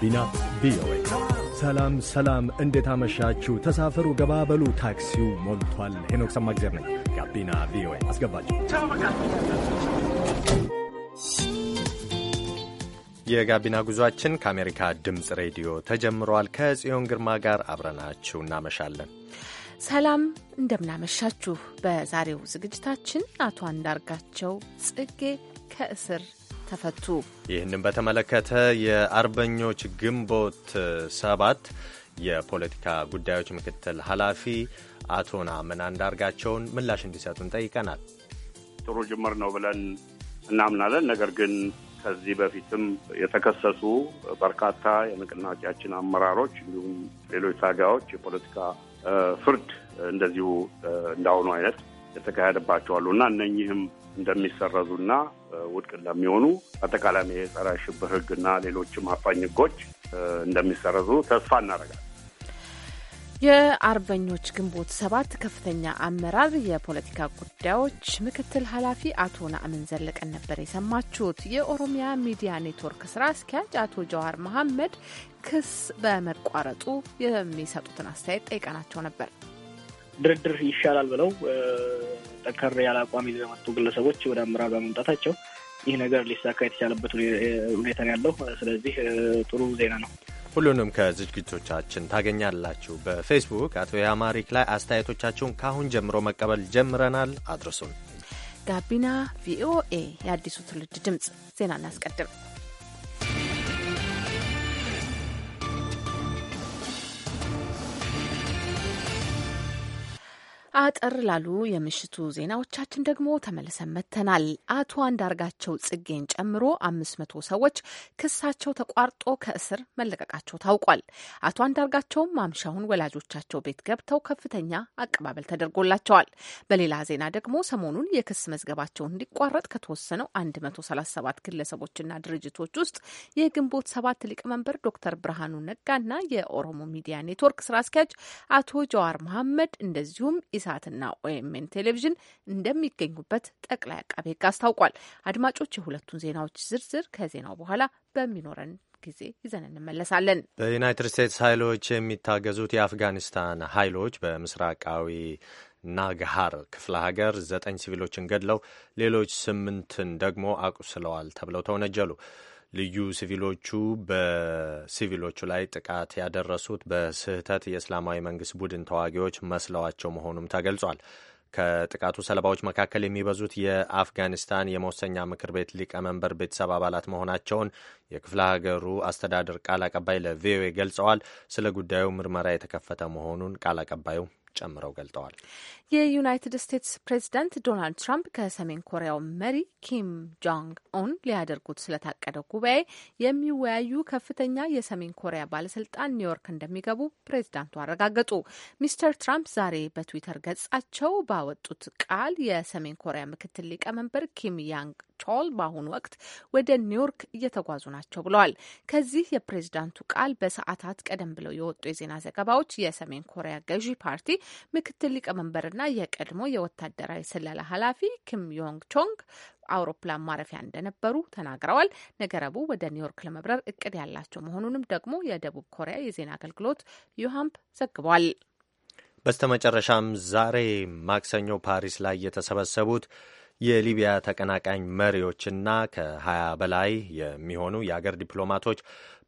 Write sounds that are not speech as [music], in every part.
ጋቢና ቪኦኤ። ሰላም ሰላም፣ እንዴት አመሻችሁ? ተሳፈሩ፣ ገባበሉ፣ ታክሲው ሞልቷል። ሄኖክ ሰማግዜር ነኝ። ጋቢና ቪኦኤ አስገባችሁ። የጋቢና ጉዟችን ከአሜሪካ ድምፅ ሬዲዮ ተጀምሯል። ከጽዮን ግርማ ጋር አብረናችሁ እናመሻለን። ሰላም እንደምናመሻችሁ። በዛሬው ዝግጅታችን አቶ አንዳርጋቸው ጽጌ ከእስር ተፈቱ። ይህንም በተመለከተ የአርበኞች ግንቦት ሰባት የፖለቲካ ጉዳዮች ምክትል ኃላፊ አቶ ነአምን አንዳርጋቸውን ምላሽ እንዲሰጡን ጠይቀናል። ጥሩ ጅምር ነው ብለን እናምናለን። ነገር ግን ከዚህ በፊትም የተከሰሱ በርካታ የንቅናቄያችን አመራሮች እንዲሁም ሌሎች ታጋዮች የፖለቲካ ፍርድ እንደዚሁ እንዳሁኑ አይነት የተካሄደባቸዋሉ እና እነኚህም እንደሚሰረዙና ውድቅ እንደሚሆኑ አጠቃላይ የጸረ ሽብር ሕግና ሌሎችም አፋኝ ህጎች እንደሚሰረዙ ተስፋ እናደርጋለን። የአርበኞች ግንቦት ሰባት ከፍተኛ አመራር የፖለቲካ ጉዳዮች ምክትል ኃላፊ አቶ ናእምን ዘለቀን ነበር የሰማችሁት። የኦሮሚያ ሚዲያ ኔትወርክ ስራ አስኪያጅ አቶ ጀዋር መሐመድ ክስ በመቋረጡ የሚሰጡትን አስተያየት ጠይቀናቸው ነበር። ድርድር ይሻላል ብለው ጠንከር ያለ አቋም ይዘው የመጡ ግለሰቦች ወደ አመራር በመምጣታቸው ይህ ነገር ሊሳካ የተቻለበት ሁኔታ ነው ያለው። ስለዚህ ጥሩ ዜና ነው። ሁሉንም ከዝግጅቶቻችን ታገኛላችሁ። በፌስቡክ አቶ የአማሪክ ላይ አስተያየቶቻችሁን ካሁን ጀምሮ መቀበል ጀምረናል። አድርሱን። ጋቢና ቪኦኤ የአዲሱ ትውልድ ድምፅ ዜና እናስቀድም። አጠር ላሉ የምሽቱ ዜናዎቻችን ደግሞ ተመልሰን መጥተናል። አቶ አንዳርጋቸው ጽጌን ጨምሮ አምስት መቶ ሰዎች ክሳቸው ተቋርጦ ከእስር መለቀቃቸው ታውቋል። አቶ አንዳርጋቸውም ማምሻውን ወላጆቻቸው ቤት ገብተው ከፍተኛ አቀባበል ተደርጎላቸዋል። በሌላ ዜና ደግሞ ሰሞኑን የክስ መዝገባቸው እንዲቋረጥ ከተወሰነው 137 ግለሰቦችና ድርጅቶች ውስጥ የግንቦት ሰባት ሊቀመንበር ዶክተር ብርሃኑ ነጋና የኦሮሞ ሚዲያ ኔትወርክ ስራ አስኪያጅ አቶ ጀዋር መሐመድ እንደዚሁም ኢሳትና ኦኤምኤን ቴሌቪዥን እንደሚገኙበት ጠቅላይ አቃቤ ሕግ አስታውቋል። አድማጮች የሁለቱን ዜናዎች ዝርዝር ከዜናው በኋላ በሚኖረን ጊዜ ይዘን እንመለሳለን። በዩናይትድ ስቴትስ ኃይሎች የሚታገዙት የአፍጋኒስታን ኃይሎች በምስራቃዊ ናግሃር ክፍለ ሀገር ዘጠኝ ሲቪሎችን ገድለው ሌሎች ስምንትን ደግሞ አቁስለዋል ተብለው ተወነጀሉ። ልዩ ሲቪሎቹ በሲቪሎቹ ላይ ጥቃት ያደረሱት በስህተት የእስላማዊ መንግስት ቡድን ተዋጊዎች መስለዋቸው መሆኑም ተገልጿል። ከጥቃቱ ሰለባዎች መካከል የሚበዙት የአፍጋኒስታን የመወሰኛ ምክር ቤት ሊቀመንበር ቤተሰብ አባላት መሆናቸውን የክፍለ ሀገሩ አስተዳደር ቃል አቀባይ ለቪኦኤ ገልጸዋል። ስለ ጉዳዩ ምርመራ የተከፈተ መሆኑን ቃል አቀባዩ ጨምረው ገልጠዋል። የዩናይትድ ስቴትስ ፕሬዚዳንት ዶናልድ ትራምፕ ከሰሜን ኮሪያው መሪ ኪም ጆንግ ኡን ሊያደርጉት ስለታቀደው ጉባኤ የሚወያዩ ከፍተኛ የሰሜን ኮሪያ ባለስልጣን ኒውዮርክ እንደሚገቡ ፕሬዚዳንቱ አረጋገጡ። ሚስተር ትራምፕ ዛሬ በትዊተር ገጻቸው ባወጡት ቃል የሰሜን ኮሪያ ምክትል ሊቀመንበር ኪም ያንግ ቾል በአሁኑ ወቅት ወደ ኒውዮርክ እየተጓዙ ናቸው ብለዋል። ከዚህ የፕሬዝዳንቱ ቃል በሰዓታት ቀደም ብለው የወጡ የዜና ዘገባዎች የሰሜን ኮሪያ ገዢ ፓርቲ ምክትል ሊቀመንበርና የቀድሞ የወታደራዊ ስለላ ኃላፊ ኪም ዮንግ ቾንግ አውሮፕላን ማረፊያ እንደነበሩ ተናግረዋል። ነገ ረቡዕ ወደ ኒውዮርክ ለመብረር እቅድ ያላቸው መሆኑንም ደግሞ የደቡብ ኮሪያ የዜና አገልግሎት ዮሃምፕ ዘግቧል። መጨረሻም ዛሬ ማክሰኞ ፓሪስ ላይ የተሰበሰቡት የሊቢያ ተቀናቃኝ መሪዎችና ከ20 በላይ የሚሆኑ የአገር ዲፕሎማቶች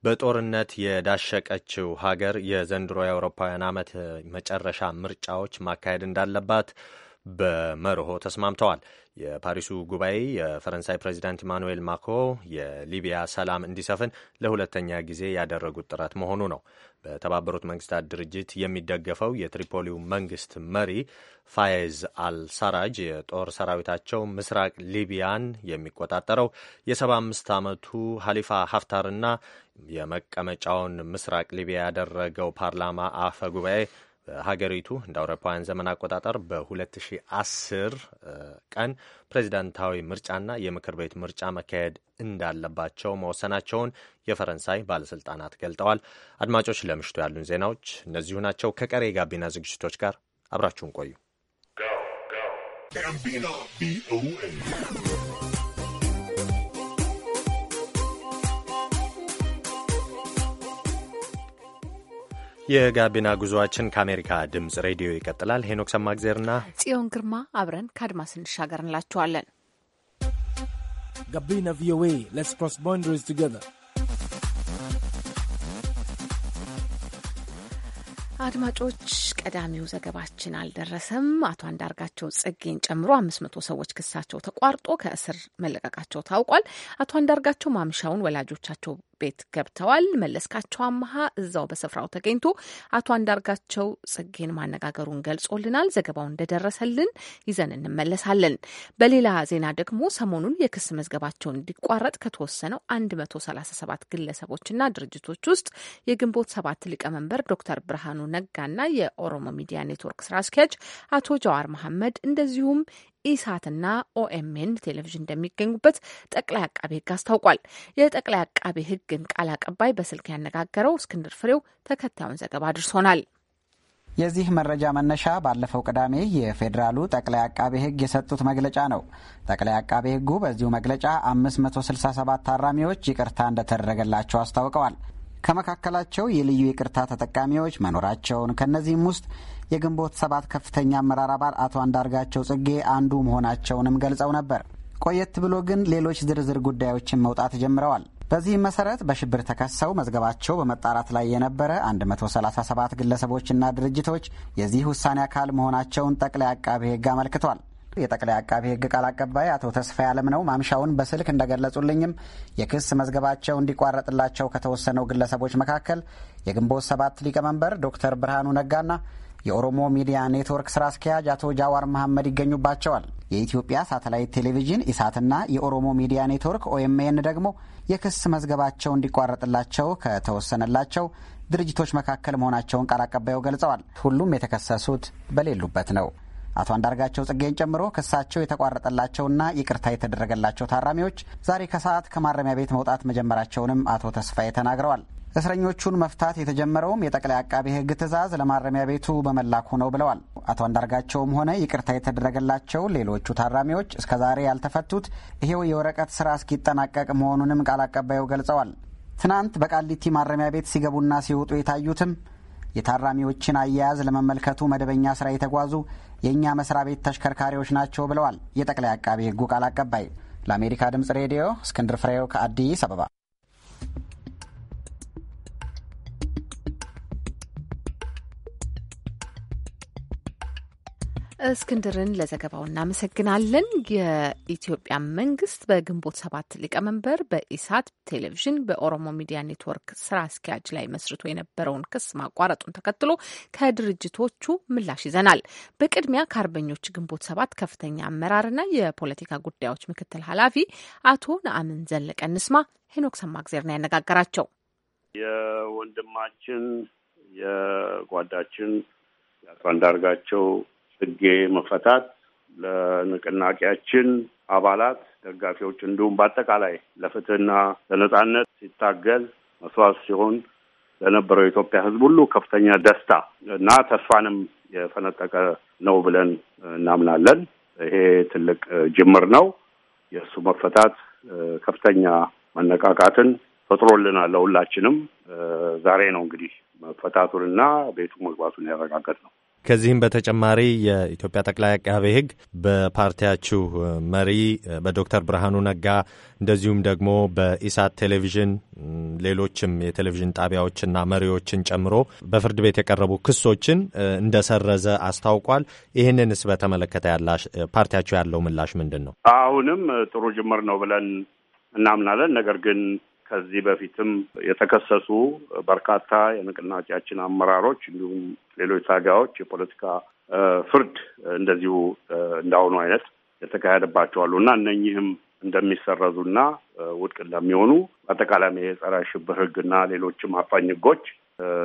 በጦርነት የዳሸቀችው ሀገር የዘንድሮ የአውሮፓውያን ዓመት መጨረሻ ምርጫዎች ማካሄድ እንዳለባት በመርሆ ተስማምተዋል። የፓሪሱ ጉባኤ የፈረንሳይ ፕሬዚዳንት ኢማኑኤል ማክሮ የሊቢያ ሰላም እንዲሰፍን ለሁለተኛ ጊዜ ያደረጉት ጥረት መሆኑ ነው። በተባበሩት መንግስታት ድርጅት የሚደገፈው የትሪፖሊው መንግስት መሪ ፋየዝ አልሳራጅ የጦር ሰራዊታቸው ምስራቅ ሊቢያን የሚቆጣጠረው የሰባ አምስት ዓመቱ ሀሊፋ ሀፍታርና የመቀመጫውን ምስራቅ ሊቢያ ያደረገው ፓርላማ አፈ ጉባኤ ሀገሪቱ እንደ አውሮፓውያን ዘመን አቆጣጠር በ2010 ቀን ፕሬዚዳንታዊ ምርጫና የምክር ቤት ምርጫ መካሄድ እንዳለባቸው መወሰናቸውን የፈረንሳይ ባለስልጣናት ገልጠዋል። አድማጮች፣ ለምሽቱ ያሉን ዜናዎች እነዚሁ ናቸው። ከቀሪ የጋቢና ዝግጅቶች ጋር አብራችሁን ቆዩ። የጋቢና ጉዞአችን ከአሜሪካ ድምፅ ሬዲዮ ይቀጥላል። ሄኖክ ሰማግዜርና ጽዮን ግርማ አብረን ከአድማስ እንሻገር እንላችኋለን። ጋቢና ቪኦኤ ሌትስ ክሮስ ቦንደሪስ ቱጌዘር አድማጮች ቀዳሚው ዘገባችን አልደረሰም። አቶ አንዳርጋቸው ጽጌን ጨምሮ አምስት መቶ ሰዎች ክሳቸው ተቋርጦ ከእስር መለቀቃቸው ታውቋል። አቶ አንዳርጋቸው ማምሻውን ወላጆቻቸው ቤት ገብተዋል። መለስካቸው አመሀ እዛው በስፍራው ተገኝቶ አቶ አንዳርጋቸው ጽጌን ማነጋገሩን ገልጾልናል። ዘገባው እንደደረሰልን ይዘን እንመለሳለን። በሌላ ዜና ደግሞ ሰሞኑን የክስ መዝገባቸውን እንዲቋረጥ ከተወሰነው 137 ግለሰቦችና ድርጅቶች ውስጥ የግንቦት ሰባት ሊቀመንበር ዶክተር ብርሃኑ ነጋና የኦሮሞ ሚዲያ ኔትወርክ ስራ አስኪያጅ አቶ ጀዋር መሐመድ እንደዚሁም ኢሳትና ኦኤምኤን ቴሌቪዥን እንደሚገኙበት ጠቅላይ አቃቤ ሕግ አስታውቋል። የጠቅላይ አቃቤ ሕግን ቃል አቀባይ በስልክ ያነጋገረው እስክንድር ፍሬው ተከታዩን ዘገባ አድርሶናል። የዚህ መረጃ መነሻ ባለፈው ቅዳሜ የፌዴራሉ ጠቅላይ አቃቤ ሕግ የሰጡት መግለጫ ነው። ጠቅላይ አቃቤ ሕጉ በዚሁ መግለጫ 567 ታራሚዎች ይቅርታ እንደተደረገላቸው አስታውቀዋል። ከመካከላቸው የልዩ ይቅርታ ተጠቃሚዎች መኖራቸውን ከእነዚህም ውስጥ የግንቦት ሰባት ከፍተኛ አመራር አባል አቶ አንዳርጋቸው ጽጌ አንዱ መሆናቸውንም ገልጸው ነበር። ቆየት ብሎ ግን ሌሎች ዝርዝር ጉዳዮችን መውጣት ጀምረዋል። በዚህም መሰረት በሽብር ተከሰው መዝገባቸው በመጣራት ላይ የነበረ 137 ግለሰቦችና ድርጅቶች የዚህ ውሳኔ አካል መሆናቸውን ጠቅላይ አቃቤ ሕግ አመልክቷል። የጠቅላይ አቃቢ ሕግ ቃል አቀባይ አቶ ተስፋዬ ነው ማምሻውን በስልክ እንደገለጹልኝም የክስ መዝገባቸው እንዲቋረጥላቸው ከተወሰነው ግለሰቦች መካከል የግንቦት ሰባት ሊቀመንበር ዶክተር ብርሃኑ ነጋና የኦሮሞ ሚዲያ ኔትወርክ ስራ አስኪያጅ አቶ ጃዋር መሐመድ ይገኙባቸዋል። የኢትዮጵያ ሳተላይት ቴሌቪዥን ኢሳትና የኦሮሞ ሚዲያ ኔትወርክ ኦኤምኤን ደግሞ የክስ መዝገባቸው እንዲቋረጥላቸው ከተወሰነላቸው ድርጅቶች መካከል መሆናቸውን ቃል አቀባዩ ገልጸዋል። ሁሉም የተከሰሱት በሌሉበት ነው። አቶ አንዳርጋቸው ጽጌን ጨምሮ ክሳቸው የተቋረጠላቸውና ይቅርታ የተደረገላቸው ታራሚዎች ዛሬ ከሰዓት ከማረሚያ ቤት መውጣት መጀመራቸውንም አቶ ተስፋዬ ተናግረዋል። እስረኞቹን መፍታት የተጀመረውም የጠቅላይ አቃቤ ሕግ ትዕዛዝ ለማረሚያ ቤቱ በመላኩ ነው ብለዋል። አቶ አንዳርጋቸውም ሆነ ይቅርታ የተደረገላቸው ሌሎቹ ታራሚዎች እስከዛሬ ያልተፈቱት ይሄው የወረቀት ስራ እስኪጠናቀቅ መሆኑንም ቃል አቀባዩ ገልጸዋል። ትናንት በቃሊቲ ማረሚያ ቤት ሲገቡና ሲወጡ የታዩትም የታራሚዎችን አያያዝ ለመመልከቱ መደበኛ ስራ የተጓዙ የእኛ መስሪያ ቤት ተሽከርካሪዎች ናቸው ብለዋል የጠቅላይ አቃቤ ሕጉ ቃል አቀባይ። ለአሜሪካ ድምጽ ሬዲዮ እስክንድር ፍሬው ከአዲስ አበባ እስክንድርን ለዘገባው እናመሰግናለን። የኢትዮጵያ መንግስት በግንቦት ሰባት ሊቀመንበር በኢሳት ቴሌቪዥን በኦሮሞ ሚዲያ ኔትወርክ ስራ አስኪያጅ ላይ መስርቶ የነበረውን ክስ ማቋረጡን ተከትሎ ከድርጅቶቹ ምላሽ ይዘናል። በቅድሚያ ከአርበኞች ግንቦት ሰባት ከፍተኛ አመራርና የፖለቲካ ጉዳዮች ምክትል ኃላፊ አቶ ነአምን ዘለቀ እንስማ። ሄኖክ ሰማግዜር ነው ያነጋገራቸው። የወንድማችን የጓዳችን የአቶ አንዳርጋቸው ጽጌ መፈታት ለንቅናቄያችን አባላት፣ ደጋፊዎች እንዲሁም በአጠቃላይ ለፍትህና ለነጻነት ሲታገል መስዋዕት ሲሆን ለነበረው የኢትዮጵያ ሕዝብ ሁሉ ከፍተኛ ደስታ እና ተስፋንም የፈነጠቀ ነው ብለን እናምናለን። ይሄ ትልቅ ጅምር ነው። የእሱ መፈታት ከፍተኛ መነቃቃትን ፈጥሮልናል ለሁላችንም። ዛሬ ነው እንግዲህ መፈታቱንና ቤቱ መግባቱን ያረጋገጥ ነው። ከዚህም በተጨማሪ የኢትዮጵያ ጠቅላይ አቃቤ ሕግ በፓርቲያችሁ መሪ በዶክተር ብርሃኑ ነጋ እንደዚሁም ደግሞ በኢሳት ቴሌቪዥን፣ ሌሎችም የቴሌቪዥን ጣቢያዎችና መሪዎችን ጨምሮ በፍርድ ቤት የቀረቡ ክሶችን እንደሰረዘ አስታውቋል። ይህንንስ በተመለከተ ፓርቲያችሁ ያለው ምላሽ ምንድን ነው? አሁንም ጥሩ ጅምር ነው ብለን እናምናለን። ነገር ግን ከዚህ በፊትም የተከሰሱ በርካታ የንቅናቄያችን አመራሮች እንዲሁም ሌሎች ታጋዮች የፖለቲካ ፍርድ እንደዚሁ እንዳሁኑ አይነት የተካሄደባቸዋሉ አሉ እና እነኚህም እንደሚሰረዙና ውድቅ እንደሚሆኑ አጠቃላይ የጸረ ሽብር ህግ ሕግና ሌሎችም አፋኝ ህጎች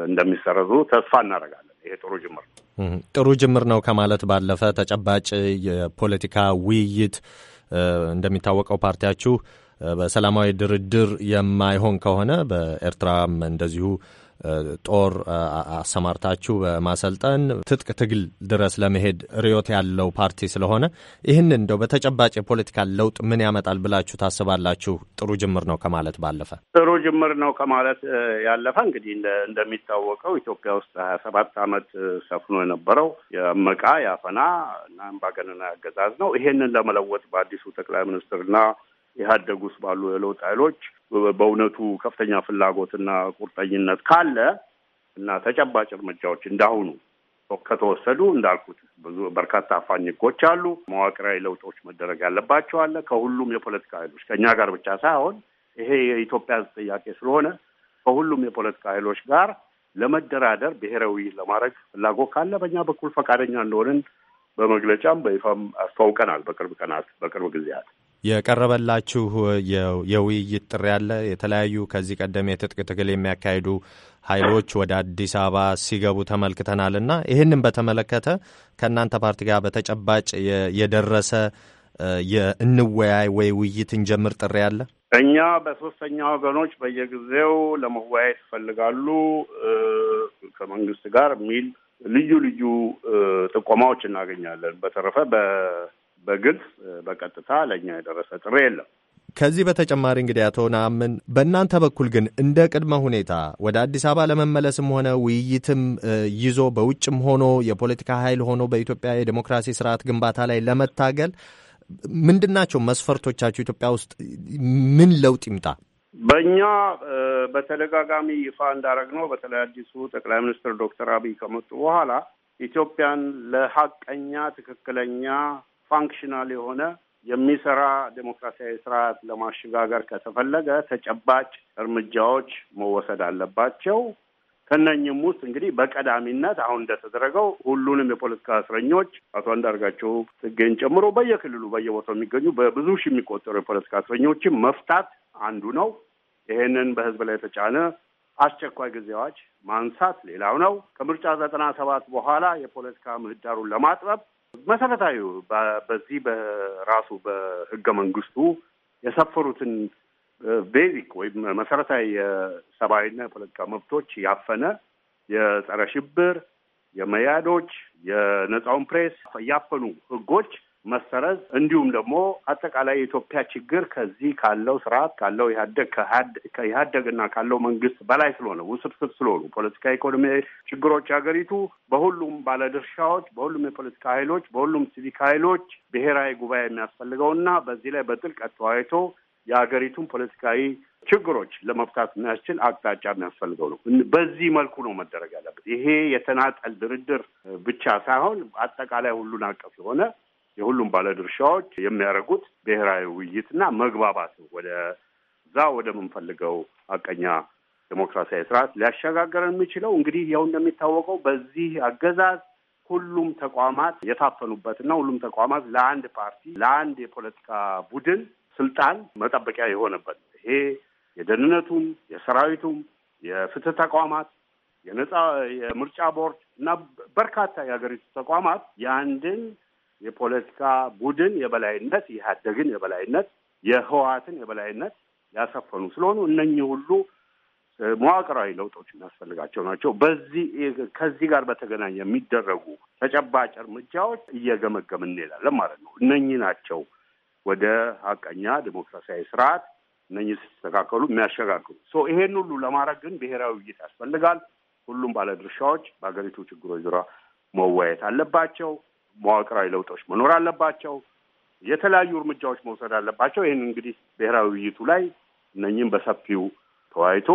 እንደሚሰረዙ ተስፋ እናደርጋለን። ይሄ ጥሩ ጅምር ነው። ጥሩ ጅምር ነው ከማለት ባለፈ ተጨባጭ የፖለቲካ ውይይት እንደሚታወቀው ፓርቲያችሁ በሰላማዊ ድርድር የማይሆን ከሆነ በኤርትራም እንደዚሁ ጦር አሰማርታችሁ በማሰልጠን ትጥቅ ትግል ድረስ ለመሄድ ርዮት ያለው ፓርቲ ስለሆነ ይህን እንደው በተጨባጭ የፖለቲካ ለውጥ ምን ያመጣል ብላችሁ ታስባላችሁ? ጥሩ ጅምር ነው ከማለት ባለፈ ጥሩ ጅምር ነው ከማለት ያለፈ እንግዲህ እንደሚታወቀው ኢትዮጵያ ውስጥ ሀያ ሰባት ዓመት ሰፍኖ የነበረው የመቃ ያፈና እና አምባገነን አገዛዝ ነው። ይሄንን ለመለወጥ በአዲሱ ጠቅላይ ሚኒስትርና ኢህአዴግ ውስጥ ባሉ የለውጥ ኃይሎች በእውነቱ ከፍተኛ ፍላጎትና ቁርጠኝነት ካለ እና ተጨባጭ እርምጃዎች እንዳሁኑ ከተወሰዱ እንዳልኩት ብዙ በርካታ አፋኝ ህጎች አሉ። መዋቅራዊ ለውጦች መደረግ ያለባቸው አለ። ከሁሉም የፖለቲካ ኃይሎች ከእኛ ጋር ብቻ ሳይሆን ይሄ የኢትዮጵያ ጥያቄ ስለሆነ ከሁሉም የፖለቲካ ኃይሎች ጋር ለመደራደር ብሔራዊ ለማድረግ ፍላጎት ካለ በእኛ በኩል ፈቃደኛ እንደሆንን በመግለጫም በይፋም አስተዋውቀናል። በቅርብ ቀናት በቅርብ ጊዜያት የቀረበላችሁ የውይይት ጥሪ አለ? የተለያዩ ከዚህ ቀደም የትጥቅ ትግል የሚያካሂዱ ኃይሎች ወደ አዲስ አበባ ሲገቡ ተመልክተናል እና ይህንን በተመለከተ ከእናንተ ፓርቲ ጋር በተጨባጭ የደረሰ የእንወያይ ወይ ውይይት እንጀምር ጥሪ አለ? እኛ በሶስተኛ ወገኖች በየጊዜው ለመወያየት ይፈልጋሉ ከመንግስት ጋር የሚል ልዩ ልዩ ጥቆማዎች እናገኛለን። በተረፈ በግልጽ በቀጥታ ለእኛ የደረሰ ጥሪ የለም። ከዚህ በተጨማሪ እንግዲህ አቶ ነአምን በእናንተ በኩል ግን እንደ ቅድመ ሁኔታ ወደ አዲስ አበባ ለመመለስም ሆነ ውይይትም ይዞ በውጭም ሆኖ የፖለቲካ ኃይል ሆኖ በኢትዮጵያ የዴሞክራሲ ስርዓት ግንባታ ላይ ለመታገል ምንድናቸው መስፈርቶቻቸው? ኢትዮጵያ ውስጥ ምን ለውጥ ይምጣ? በእኛ በተደጋጋሚ ይፋ ነው በተለይ አዲሱ ጠቅላይ ሚኒስትር ዶክተር አብይ ከመጡ በኋላ ኢትዮጵያን ለሀቀኛ ትክክለኛ ፋንክሽናል የሆነ የሚሰራ ዴሞክራሲያዊ ስርዓት ለማሸጋገር ከተፈለገ ተጨባጭ እርምጃዎች መወሰድ አለባቸው። ከነኝም ውስጥ እንግዲህ በቀዳሚነት አሁን እንደተደረገው ሁሉንም የፖለቲካ እስረኞች አቶ አንዳርጋቸው ጽጌን ጨምሮ በየክልሉ በየቦታው የሚገኙ በብዙ ሺህ የሚቆጠሩ የፖለቲካ እስረኞችን መፍታት አንዱ ነው። ይሄንን በህዝብ ላይ የተጫነ አስቸኳይ ጊዜዎች ማንሳት ሌላው ነው። ከምርጫ ዘጠና ሰባት በኋላ የፖለቲካ ምህዳሩን ለማጥበብ መሰረታዊ በዚህ በራሱ በህገ መንግስቱ የሰፈሩትን ቤዚክ ወይም መሰረታዊ የሰብአዊና የፖለቲካ መብቶች ያፈነ የጸረ ሽብር የመያዶች የነጻውን ፕሬስ ያፈኑ ህጎች መሰረዝ እንዲሁም ደግሞ አጠቃላይ የኢትዮጵያ ችግር ከዚህ ካለው ስርዓት ካለው ኢህአደግ ከኢህአደግና ካለው መንግስት በላይ ስለሆነ ውስብስብ ስለሆኑ ፖለቲካ ኢኮኖሚ ችግሮች ሀገሪቱ በሁሉም ባለድርሻዎች፣ በሁሉም የፖለቲካ ኃይሎች፣ በሁሉም ሲቪክ ኃይሎች ብሔራዊ ጉባኤ የሚያስፈልገውና በዚህ ላይ በጥልቀት ተወያይቶ የሀገሪቱን ፖለቲካዊ ችግሮች ለመፍታት የሚያስችል አቅጣጫ የሚያስፈልገው ነው። በዚህ መልኩ ነው መደረግ ያለበት። ይሄ የተናጠል ድርድር ብቻ ሳይሆን አጠቃላይ ሁሉን አቀፍ የሆነ የሁሉም ባለድርሻዎች የሚያደርጉት ብሔራዊ ውይይትና መግባባት ነው ወደዛ ወደምንፈልገው አቀኛ ዴሞክራሲያዊ ስርዓት ሊያሸጋገር የሚችለው እንግዲህ ያው እንደሚታወቀው በዚህ አገዛዝ ሁሉም ተቋማት የታፈኑበትና ሁሉም ተቋማት ለአንድ ፓርቲ ለአንድ የፖለቲካ ቡድን ስልጣን መጠበቂያ የሆነበት ይሄ የደህንነቱም፣ የሰራዊቱም፣ የፍትህ ተቋማት፣ የነጻ የምርጫ ቦርድ እና በርካታ የሀገሪቱ ተቋማት የአንድን የፖለቲካ ቡድን የበላይነት የሀደግን የበላይነት የህወሓትን የበላይነት ያሰፈኑ ስለሆኑ እነኚህ ሁሉ መዋቅራዊ ለውጦች የሚያስፈልጋቸው ናቸው። በዚህ ከዚህ ጋር በተገናኘ የሚደረጉ ተጨባጭ እርምጃዎች እየገመገም እንሄዳለን ማለት ነው። እነኚህ ናቸው ወደ ሀቀኛ ዴሞክራሲያዊ ስርዓት እነኚህ ሲስተካከሉ የሚያሸጋግሩ። ይሄን ሁሉ ለማድረግ ግን ብሔራዊ ውይይት ያስፈልጋል። ሁሉም ባለድርሻዎች በሀገሪቱ ችግሮች ዙሪያ መወያየት አለባቸው። መዋቅራዊ ለውጦች መኖር አለባቸው። የተለያዩ እርምጃዎች መውሰድ አለባቸው። ይህን እንግዲህ ብሔራዊ ውይይቱ ላይ እነኝም በሰፊው ተወያይቶ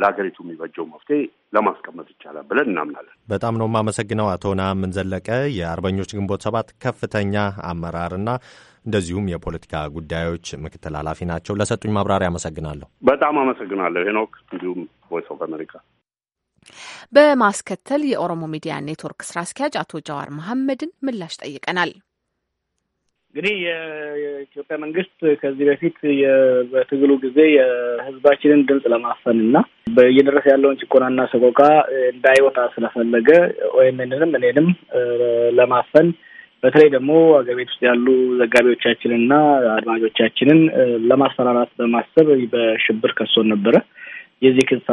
ለሀገሪቱ የሚበጀው መፍትሄ ለማስቀመጥ ይቻላል ብለን እናምናለን። በጣም ነው የማመሰግነው አቶ ነአምን ዘለቀ የአርበኞች ግንቦት ሰባት ከፍተኛ አመራርና እንደዚሁም የፖለቲካ ጉዳዮች ምክትል ኃላፊ ናቸው። ለሰጡኝ ማብራሪያ አመሰግናለሁ። በጣም አመሰግናለሁ ሄኖክ፣ እንዲሁም ቮይስ ኦፍ አሜሪካ በማስከተል የኦሮሞ ሚዲያ ኔትወርክ ስራ አስኪያጅ አቶ ጀዋር መሐመድን ምላሽ ጠይቀናል። እንግዲህ የኢትዮጵያ መንግስት ከዚህ በፊት በትግሉ ጊዜ የህዝባችንን ድምፅ ለማፈን እና እየደረሰ ያለውን ጭቆናና ሰቆቃ እንዳይወጣ ስለፈለገ ኦኤምኤንንም እኔንም ለማፈን በተለይ ደግሞ አገር ቤት ውስጥ ያሉ ዘጋቢዎቻችንንና አድማጮቻችንን ለማስፈራራት በማሰብ በሽብር ከሶን ነበረ። የዚህ ክስ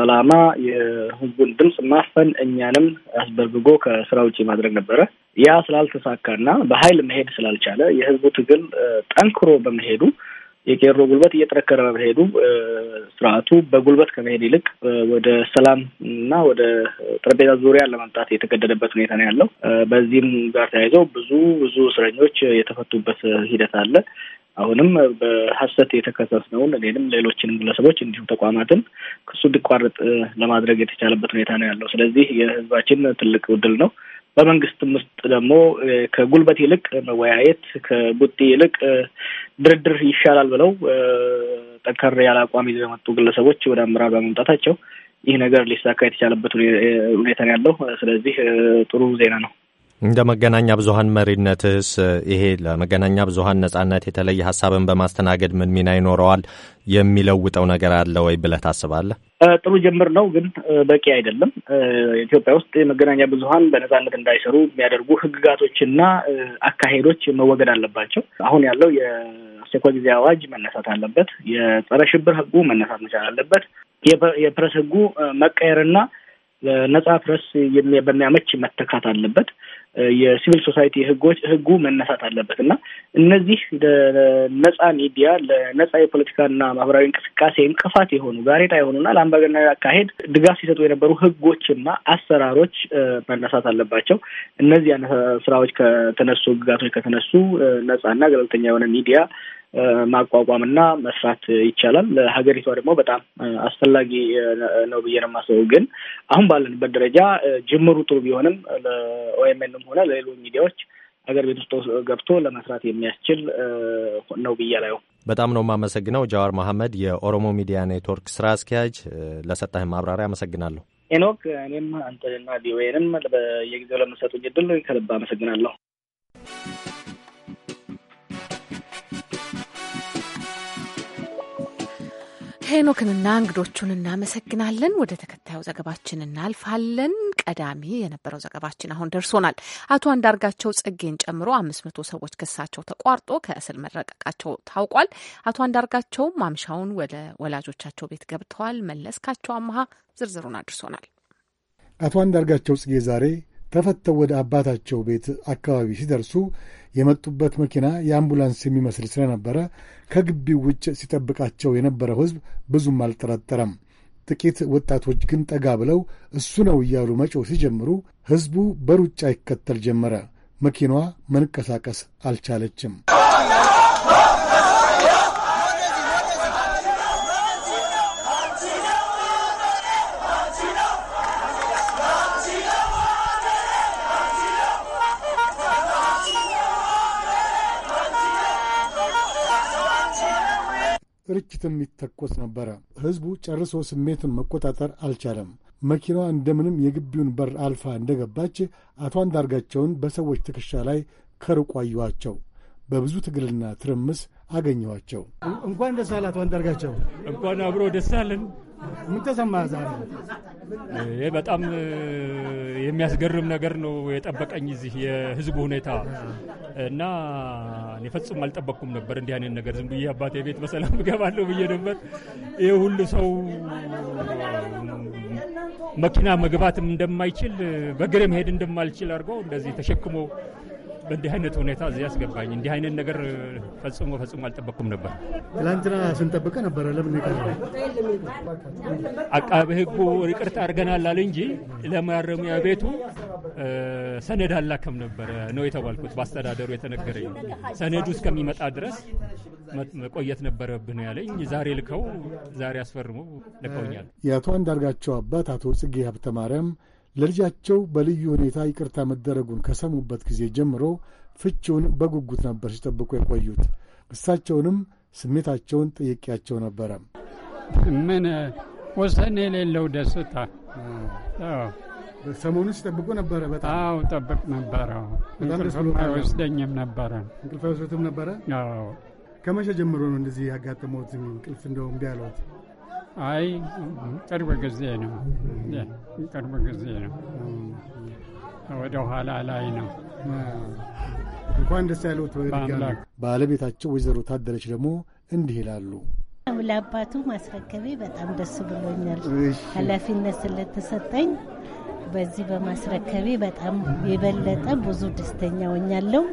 የህዝቡን ድምፅ ማፈን እኛንም አስበርግጎ ከስራ ውጭ ማድረግ ነበረ። ያ ስላልተሳካና በኃይል መሄድ ስላልቻለ የህዝቡ ትግል ጠንክሮ በመሄዱ የቄሮ ጉልበት እየጠረከረ በመሄዱ ስርዓቱ በጉልበት ከመሄድ ይልቅ ወደ ሰላም እና ወደ ጠረጴዛ ዙሪያ ለመምጣት የተገደደበት ሁኔታ ነው ያለው። በዚህም ጋር ተያይዘው ብዙ ብዙ እስረኞች የተፈቱበት ሂደት አለ። አሁንም በሀሰት የተከሰስነውን እኔንም ሌሎችንም ግለሰቦች እንዲሁም ተቋማትን ክሱ እንዲቋረጥ ለማድረግ የተቻለበት ሁኔታ ነው ያለው። ስለዚህ የህዝባችን ትልቅ ውድል ነው። በመንግስትም ውስጥ ደግሞ ከጉልበት ይልቅ መወያየት፣ ከቡጢ ይልቅ ድርድር ይሻላል ብለው ጠንከር ያለ አቋም ይዘው የመጡ ግለሰቦች ወደ አመራር በመምጣታቸው ይህ ነገር ሊሳካ የተቻለበት ሁኔታ ነው ያለው። ስለዚህ ጥሩ ዜና ነው። እንደ መገናኛ ብዙሀን መሪነትስ ይሄ ለመገናኛ ብዙሀን ነጻነት የተለየ ሀሳብን በማስተናገድ ምን ሚና ይኖረዋል? የሚለውጠው ነገር አለ ወይ ብለህ ታስባለህ? ጥሩ ጅምር ነው፣ ግን በቂ አይደለም። ኢትዮጵያ ውስጥ የመገናኛ ብዙሀን በነጻነት እንዳይሰሩ የሚያደርጉ ህግጋቶችና አካሄዶች መወገድ አለባቸው። አሁን ያለው የአስቸኳይ ጊዜ አዋጅ መነሳት አለበት። የጸረ ሽብር ህጉ መነሳት መቻል አለበት። የፕረስ ህጉ መቀየርና ነጻ ፕረስ በሚያመች መተካት አለበት። የሲቪል ሶሳይቲ ህጎች ህጉ መነሳት አለበት እና እነዚህ ለነጻ ሚዲያ ለነጻ የፖለቲካና ማህበራዊ እንቅስቃሴ እንቅፋት የሆኑ ጋሬጣ የሆኑና ለአምባገነናዊ አካሄድ ድጋፍ ሲሰጡ የነበሩ ህጎችና አሰራሮች መነሳት አለባቸው። እነዚህ ስራዎች ከተነሱ ህግጋቶች ከተነሱ ነጻና ገለልተኛ የሆነ ሚዲያ ማቋቋምና መስራት ይቻላል። ለሀገሪቷ ደግሞ በጣም አስፈላጊ ነው ብዬ ነው የማስበው። ግን አሁን ባለንበት ደረጃ ጅምሩ ጥሩ ቢሆንም ለኦኤምኤንም ሆነ ለሌሎ ሚዲያዎች ሀገር ቤት ውስጥ ገብቶ ለመስራት የሚያስችል ነው ብዬ ላየው። በጣም ነው የማመሰግነው። ጃዋር መሐመድ፣ የኦሮሞ ሚዲያ ኔትወርክ ስራ አስኪያጅ፣ ለሰጠህ ማብራሪያ አመሰግናለሁ። ኤኖክ፣ እኔም አንተና ቪኦኤንም በየጊዜው ለምሰጡኝ እድል ከልብ አመሰግናለሁ። ሄኖክንና እንግዶቹን እናመሰግናለን። ወደ ተከታዩ ዘገባችን እናልፋለን። ቀዳሚ የነበረው ዘገባችን አሁን ደርሶናል። አቶ አንዳርጋቸው ጽጌን ጨምሮ አምስት መቶ ሰዎች ክሳቸው ተቋርጦ ከእስር መረቀቃቸው ታውቋል። አቶ አንዳርጋቸው ማምሻውን ወደ ወላጆቻቸው ቤት ገብተዋል። መለስካቸው አመሃ ዝርዝሩን አድርሶናል። አቶ አንዳርጋቸው ጽጌ ዛሬ ተፈተው ወደ አባታቸው ቤት አካባቢ ሲደርሱ የመጡበት መኪና የአምቡላንስ የሚመስል ስለነበረ ከግቢው ውጭ ሲጠብቃቸው የነበረው ሕዝብ ብዙም አልጠረጠረም። ጥቂት ወጣቶች ግን ጠጋ ብለው እሱ ነው እያሉ መጮህ ሲጀምሩ ሕዝቡ በሩጫ ይከተል ጀመረ። መኪናዋ መንቀሳቀስ አልቻለችም። ርችትም ይተኮስ ነበረ። ሕዝቡ ጨርሶ ስሜቱን መቆጣጠር አልቻለም። መኪናዋ እንደምንም የግቢውን በር አልፋ እንደገባች አቶ አንዳርጋቸውን በሰዎች ትከሻ ላይ ከሩቅ አየኋቸው። በብዙ ትግልና ትርምስ አገኘኋቸው። እንኳን ደስ አለ አቶ አንዳርጋቸው። እንኳን አብሮ ደስ አለን። ምን ተሰማ ዛሬ? ይህ በጣም የሚያስገርም ነገር ነው የጠበቀኝ እዚህ የህዝቡ ሁኔታ እና እኔ ፈጽሞ አልጠበቅኩም ነበር እንዲህ አይነት ነገር። ዝም ብዬ አባቴ ቤት በሰላም [laughs] እገባለሁ ብዬ ነበር። ይህ ሁሉ ሰው መኪና መግባትም እንደማይችል በግሬ መሄድ እንደማልችል አድርገው እንደዚህ ተሸክሞ በእንዲህ አይነት ሁኔታ እዚህ ያስገባኝ። እንዲህ አይነት ነገር ፈጽሞ ፈጽሞ አልጠበቅኩም ነበር። ትላንትና ስንጠብቀ ነበረ። ለምን አቃቤ ሕጉ ይቅርታ አድርገናል አለ እንጂ ለማረሚያ ቤቱ ሰነድ አላከም ነበረ ነው የተባልኩት። በአስተዳደሩ የተነገረኝ ሰነዱ እስከሚመጣ ድረስ መቆየት ነበረብን ያለኝ። ዛሬ ልከው ዛሬ አስፈርሙ ልከውኛል። የአቶ አንዳርጋቸው አባት አቶ ጽጌ ሀብተማርያም ለልጃቸው በልዩ ሁኔታ ይቅርታ መደረጉን ከሰሙበት ጊዜ ጀምሮ ፍቺውን በጉጉት ነበር ሲጠብቁ የቆዩት። እሳቸውንም ስሜታቸውን ጠይቄያቸው ነበረ። ምን ወሰን የሌለው ደስታ ሰሞኑ ሲጠብቁ ነበረ። በጣም ጠብቅ ነበረ። አይወስደኝም ነበረ። እንቅልፍ አይወስድም ነበረ። ከመቼ ጀምሮ ነው እንደዚህ ያጋጠመውት እንቅልፍ እንደው እምቢ ያለዎት? አይ ቅርብ ጊዜ ነው። ቅርብ ጊዜ ነው። ወደ ኋላ ላይ ነው። እንኳን ደስ ያሉት። ባለቤታቸው ወይዘሮ ታደለች ደግሞ እንዲህ ይላሉ። ለአባቱ ማስረከቤ በጣም ደስ ብሎኛል። ኃላፊነት ስለተሰጠኝ በዚህ በማስረከቤ በጣም የበለጠ ብዙ ደስተኛ ሆኛለሁ።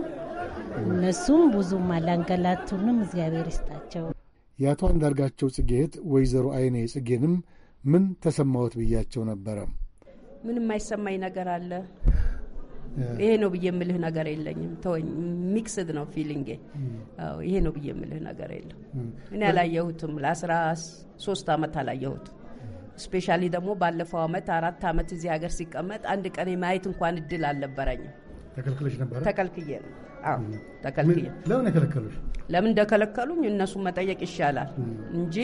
እነሱም ብዙም አላንገላቱንም። እግዚአብሔር ይስጣቸው። የአቶ አንዳርጋቸው ጽጌት ወይዘሮ አይኔ ጽጌንም ምን ተሰማዎት ብያቸው ነበረ። ምንም አይሰማኝ ነገር አለ ይሄ ነው ብዬ የምልህ ነገር የለኝም። ተወኝ። ሚክስድ ነው ፊሊንጌ። ይሄ ነው ብዬ የምልህ ነገር የለም። እኔ አላየሁትም። ለአስራ ሶስት አመት አላየሁትም። ስፔሻሊ ደግሞ ባለፈው አመት አራት አመት እዚህ ሀገር ሲቀመጥ አንድ ቀን የማየት እንኳን እድል አልነበረኝም። ተከልክለሽ ነበረ? ተከልክዬ ነው። ተከልክዬ። ለምን የከለከሉሽ? ለምን እንደከለከሉኝ እነሱ መጠየቅ ይሻላል እንጂ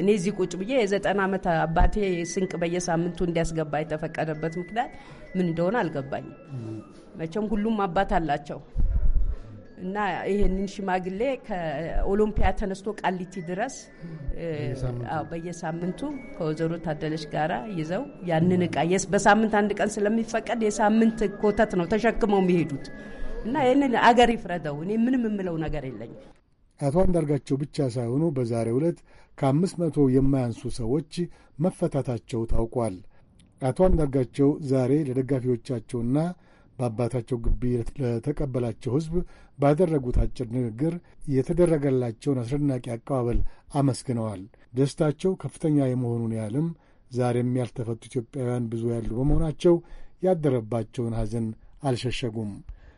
እኔ እዚህ ቁጭ ብዬ የዘጠና ዓመት አባቴ ስንቅ በየሳምንቱ እንዲያስገባ የተፈቀደበት ምክንያት ምን እንደሆነ አልገባኝም። መቼም ሁሉም አባት አላቸው እና ይህንን ሽማግሌ ከኦሎምፒያ ተነስቶ ቃሊቲ ድረስ በየሳምንቱ ከወይዘሮ ታደለች ጋራ ይዘው ያንን እቃ በሳምንት አንድ ቀን ስለሚፈቀድ የሳምንት ኮተት ነው ተሸክመው የሚሄዱት። እና ይህንን አገር ይፍረደው። እኔ ምንም የምለው ነገር የለኝም። አቶ አንዳርጋቸው ብቻ ሳይሆኑ በዛሬው ዕለት ከአምስት መቶ የማያንሱ ሰዎች መፈታታቸው ታውቋል። አቶ አንዳርጋቸው ዛሬ ለደጋፊዎቻቸውና በአባታቸው ግቢ ለተቀበላቸው ሕዝብ ባደረጉት አጭር ንግግር የተደረገላቸውን አስደናቂ አቀባበል አመስግነዋል። ደስታቸው ከፍተኛ የመሆኑን ያህልም ዛሬም ያልተፈቱ ኢትዮጵያውያን ብዙ ያሉ በመሆናቸው ያደረባቸውን ሐዘን አልሸሸጉም።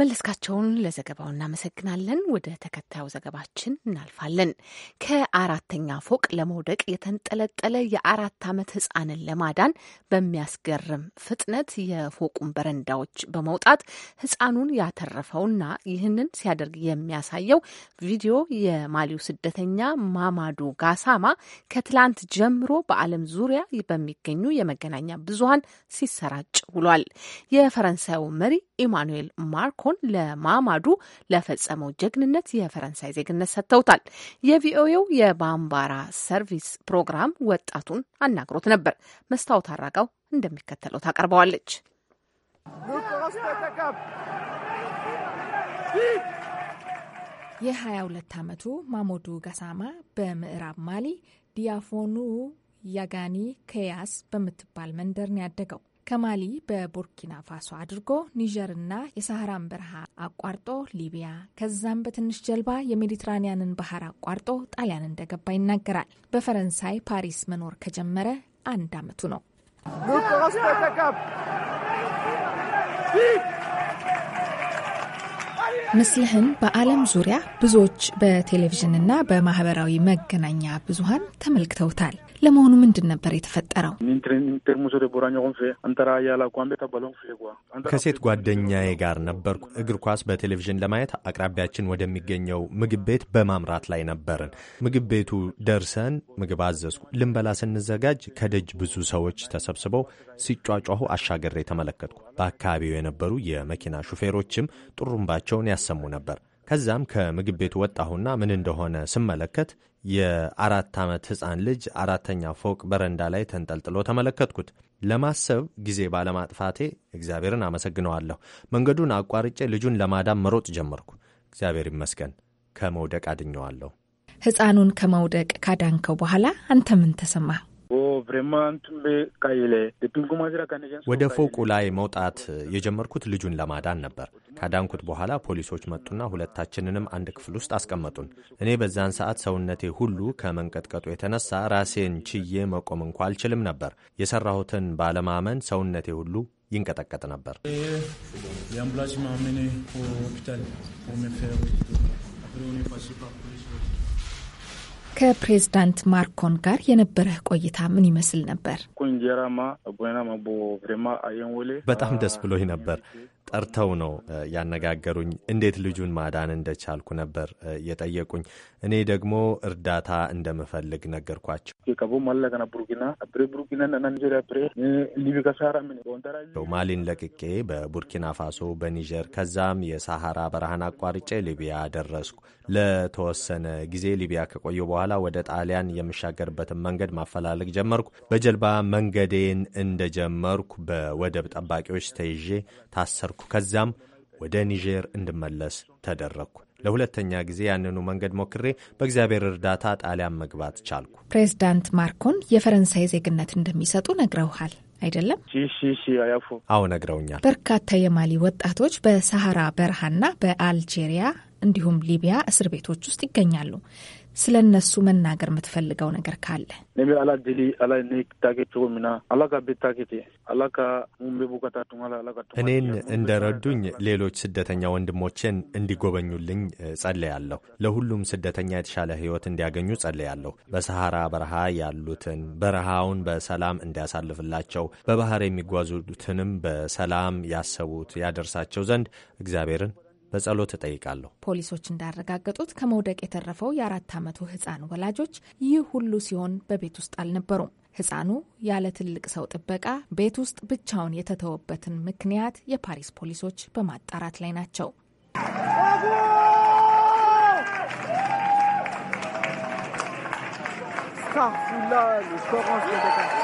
መለስካቸውን ለዘገባው እናመሰግናለን። ወደ ተከታዩ ዘገባችን እናልፋለን። ከአራተኛ ፎቅ ለመውደቅ የተንጠለጠለ የአራት ዓመት ሕፃንን ለማዳን በሚያስገርም ፍጥነት የፎቁን በረንዳዎች በመውጣት ሕፃኑን ያተረፈውና ይህንን ሲያደርግ የሚያሳየው ቪዲዮ የማሊው ስደተኛ ማማዱ ጋሳማ ከትላንት ጀምሮ በዓለም ዙሪያ በሚገኙ የመገናኛ ብዙሀን ሲሰራጭ ውሏል። የፈረንሳዩ መሪ ኢማኑኤል ማርኮ ማክሮን ለማማዱ ለፈጸመው ጀግንነት የፈረንሳይ ዜግነት ሰጥተውታል። የቪኦኤው የባምባራ ሰርቪስ ፕሮግራም ወጣቱን አናግሮት ነበር። መስታወት አራጋው እንደሚከተለው ታቀርበዋለች። የ22 ዓመቱ ማሞዱ ጋሳማ በምዕራብ ማሊ ዲያፎኑ ያጋኒ ከያስ በምትባል መንደር ነው ያደገው። ከማሊ በቡርኪና ፋሶ አድርጎ ኒጀርና የሳህራን በረሃ አቋርጦ ሊቢያ ከዛም በትንሽ ጀልባ የሜዲትራኒያንን ባህር አቋርጦ ጣሊያን እንደገባ ይናገራል። በፈረንሳይ ፓሪስ መኖር ከጀመረ አንድ ዓመቱ ነው። ምስልህን በዓለም ዙሪያ ብዙዎች በቴሌቪዥንና በማህበራዊ መገናኛ ብዙሃን ተመልክተውታል። ለመሆኑ ምንድን ነበር የተፈጠረው? ከሴት ጓደኛዬ ጋር ነበርኩ። እግር ኳስ በቴሌቪዥን ለማየት አቅራቢያችን ወደሚገኘው ምግብ ቤት በማምራት ላይ ነበርን። ምግብ ቤቱ ደርሰን ምግብ አዘዝኩ። ልንበላ ስንዘጋጅ ከደጅ ብዙ ሰዎች ተሰብስበው ሲጫጫሁ አሻገሬ ተመለከትኩ። በአካባቢው የነበሩ የመኪና ሹፌሮችም ጥሩምባቸውን ያሰሙ ነበር። ከዛም ከምግብ ቤቱ ወጣሁና ምን እንደሆነ ስመለከት የአራት ዓመት ሕፃን ልጅ አራተኛ ፎቅ በረንዳ ላይ ተንጠልጥሎ ተመለከትኩት። ለማሰብ ጊዜ ባለማጥፋቴ እግዚአብሔርን አመሰግነዋለሁ። መንገዱን አቋርጬ ልጁን ለማዳም መሮጥ ጀመርኩ። እግዚአብሔር ይመስገን፣ ከመውደቅ አድኘዋለሁ። ሕፃኑን ከመውደቅ ካዳንከው በኋላ አንተ ምን ተሰማህ? ወደ ፎቁ ላይ መውጣት የጀመርኩት ልጁን ለማዳን ነበር። ካዳንኩት በኋላ ፖሊሶች መጡና ሁለታችንንም አንድ ክፍል ውስጥ አስቀመጡን። እኔ በዛን ሰዓት ሰውነቴ ሁሉ ከመንቀጥቀጡ የተነሳ ራሴን ችዬ መቆም እንኳ አልችልም ነበር። የሰራሁትን ባለማመን ሰውነቴ ሁሉ ይንቀጠቀጥ ነበር። ከፕሬዚዳንት ማርኮን ጋር የነበረህ ቆይታ ምን ይመስል ነበር? በጣም ደስ ብሎኝ ነበር። ጠርተው ነው ያነጋገሩኝ። እንዴት ልጁን ማዳን እንደቻልኩ ነበር የጠየቁኝ። እኔ ደግሞ እርዳታ እንደምፈልግ ነገርኳቸው። ማሊን ለቅቄ በቡርኪና ፋሶ፣ በኒጀር ከዛም የሳሐራ በረሃን አቋርጬ ሊቢያ ደረስኩ። ለተወሰነ ጊዜ ሊቢያ ከቆየ በኋላ ወደ ጣሊያን የምሻገርበትን መንገድ ማፈላለግ ጀመርኩ። በጀልባ መንገዴን እንደጀመርኩ በወደብ ጠባቂዎች ተይዤ ታሰርኩ። ጀመርኩ። ከዚያም ወደ ኒጀር እንድመለስ ተደረግኩ። ለሁለተኛ ጊዜ ያንኑ መንገድ ሞክሬ በእግዚአብሔር እርዳታ ጣሊያን መግባት ቻልኩ። ፕሬዚዳንት ማርኮን የፈረንሳይ ዜግነት እንደሚሰጡ ነግረውሃል አይደለም? አዎ ነግረውኛል። በርካታ የማሊ ወጣቶች በሰሐራ በረሃና በአልጄሪያ እንዲሁም ሊቢያ እስር ቤቶች ውስጥ ይገኛሉ። ስለ እነሱ መናገር የምትፈልገው ነገር ካለ እኔን እንደረዱኝ ሌሎች ስደተኛ ወንድሞቼን እንዲጎበኙልኝ ጸለያለሁ። ለሁሉም ስደተኛ የተሻለ ሕይወት እንዲያገኙ ጸለያለሁ። በሰሐራ በረሃ ያሉትን በረሃውን በሰላም እንዲያሳልፍላቸው፣ በባህር የሚጓዙትንም በሰላም ያሰቡት ያደርሳቸው ዘንድ እግዚአብሔርን በጸሎት እጠይቃለሁ። ፖሊሶች እንዳረጋገጡት ከመውደቅ የተረፈው የአራት ዓመቱ ህፃን ወላጆች ይህ ሁሉ ሲሆን በቤት ውስጥ አልነበሩም። ህፃኑ ያለ ትልቅ ሰው ጥበቃ ቤት ውስጥ ብቻውን የተተወበትን ምክንያት የፓሪስ ፖሊሶች በማጣራት ላይ ናቸው። ስታፍ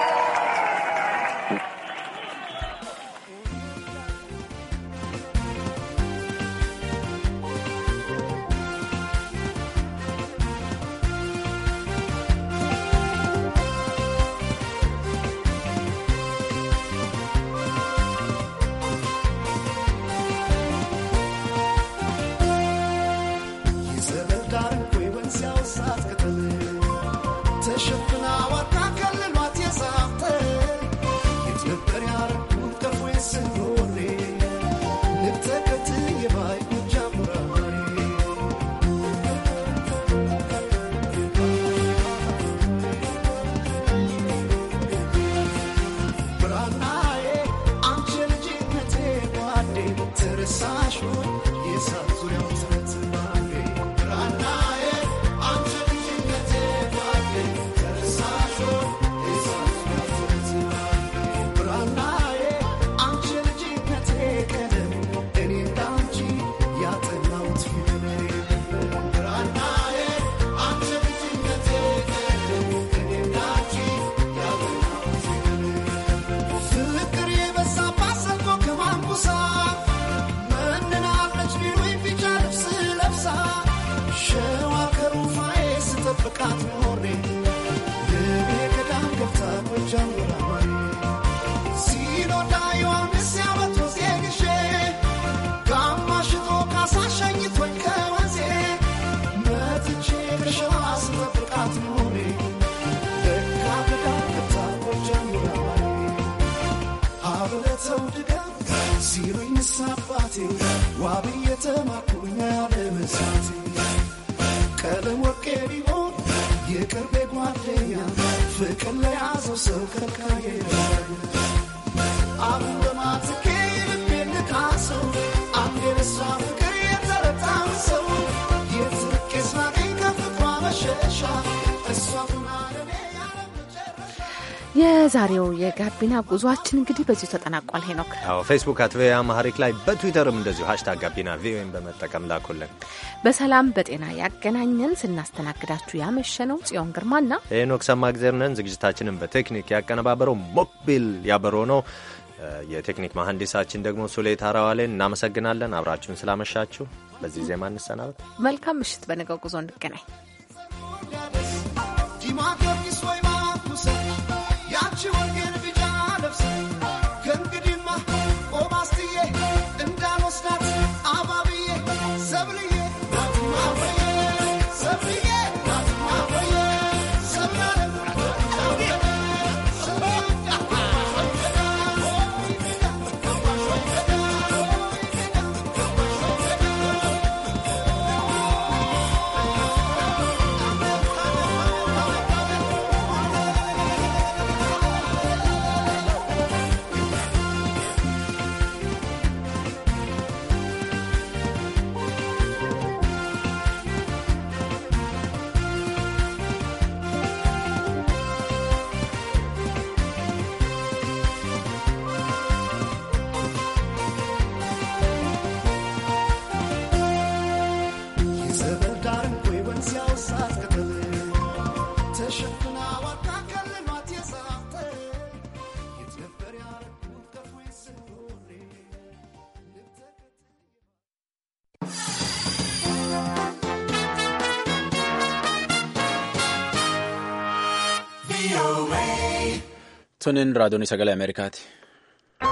የዛሬው የጋቢና ጉዟችን እንግዲህ በዚሁ ተጠናቋል። ሄኖክ ፌስቡክ አት ቪኦኤ አማሪክ ላይ በትዊተርም እንደዚሁ ሀሽታግ ጋቢና ቪኦኤን በመጠቀም ላኩልን። በሰላም በጤና ያገናኘን። ስናስተናግዳችሁ ያመሸነው ጽዮን ግርማና ሄኖክ ሰማግዜር ዝግጅታችንን በቴክኒክ ያቀነባበረው ሞክቢል ያበሮ ነው። የቴክኒክ መሐንዲሳችን ደግሞ ሱሌ ታራዋሌን እናመሰግናለን። አብራችሁን ስላመሻችሁ በዚህ ዜማ እንሰናበት። መልካም ምሽት። በነገው ጉዞ እንገናኝ። what you want. tunin raadiyoon sagalee Amerikaati.